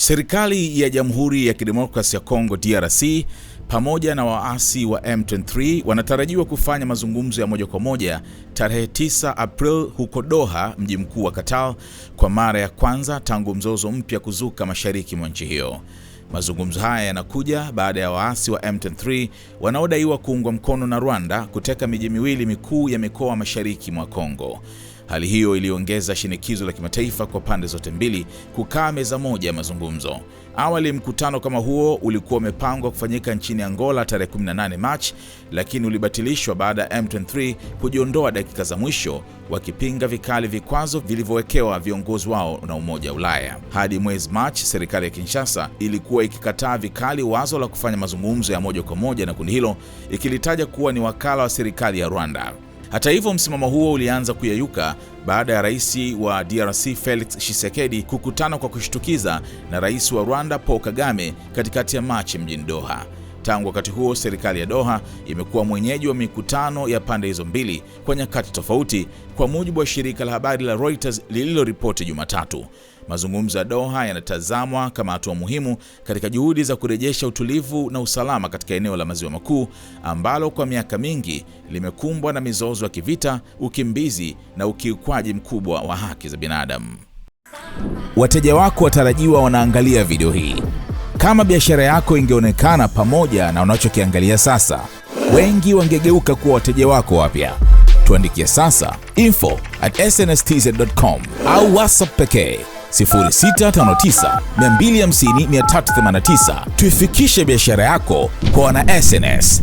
Serikali ya Jamhuri ya Kidemokrasi ya Kongo DRC pamoja na waasi wa M23 wanatarajiwa kufanya mazungumzo ya moja kwa moja tarehe 9 April huko Doha, mji mkuu wa Qatar, kwa mara ya kwanza tangu mzozo mpya kuzuka mashariki mwa nchi hiyo. Mazungumzo haya yanakuja baada ya waasi wa M23 wanaodaiwa kuungwa mkono na Rwanda kuteka miji miwili mikuu ya mikoa mashariki mwa Kongo. Hali hiyo iliongeza shinikizo la kimataifa kwa pande zote mbili kukaa meza moja ya mazungumzo. Awali mkutano kama huo ulikuwa umepangwa kufanyika nchini Angola tarehe 18 Machi, lakini ulibatilishwa baada ya M23 kujiondoa dakika za mwisho, wakipinga vikali vikwazo vilivyowekewa viongozi wao na Umoja wa Ulaya. Hadi mwezi Machi, serikali ya Kinshasa ilikuwa ikikataa vikali wazo la kufanya mazungumzo ya moja kwa moja na kundi hilo, ikilitaja kuwa ni wakala wa serikali ya Rwanda. Hata hivyo, msimamo huo ulianza kuyeyuka baada ya rais wa DRC Felix Tshisekedi kukutana kwa kushtukiza na rais wa Rwanda Paul Kagame katikati ya Machi mjini Doha. Tangu wakati huo, serikali ya Doha imekuwa mwenyeji wa mikutano ya pande hizo mbili kwa nyakati tofauti, kwa mujibu wa shirika la habari la Reuters lililoripoti Jumatatu. Mazungumzo ya Doha yanatazamwa kama hatua muhimu katika juhudi za kurejesha utulivu na usalama katika eneo la Maziwa Makuu ambalo kwa miaka mingi limekumbwa na mizozo ya kivita, ukimbizi na ukiukwaji mkubwa wa haki za binadamu. Wateja wako watarajiwa wanaangalia video hii. Kama biashara yako ingeonekana pamoja na unachokiangalia sasa, wengi wangegeuka kuwa wateja wako wapya. Tuandikie sasa info at snstz.com au WhatsApp pekee 0659 250 Tuifikishe biashara yako kwa wana SnS.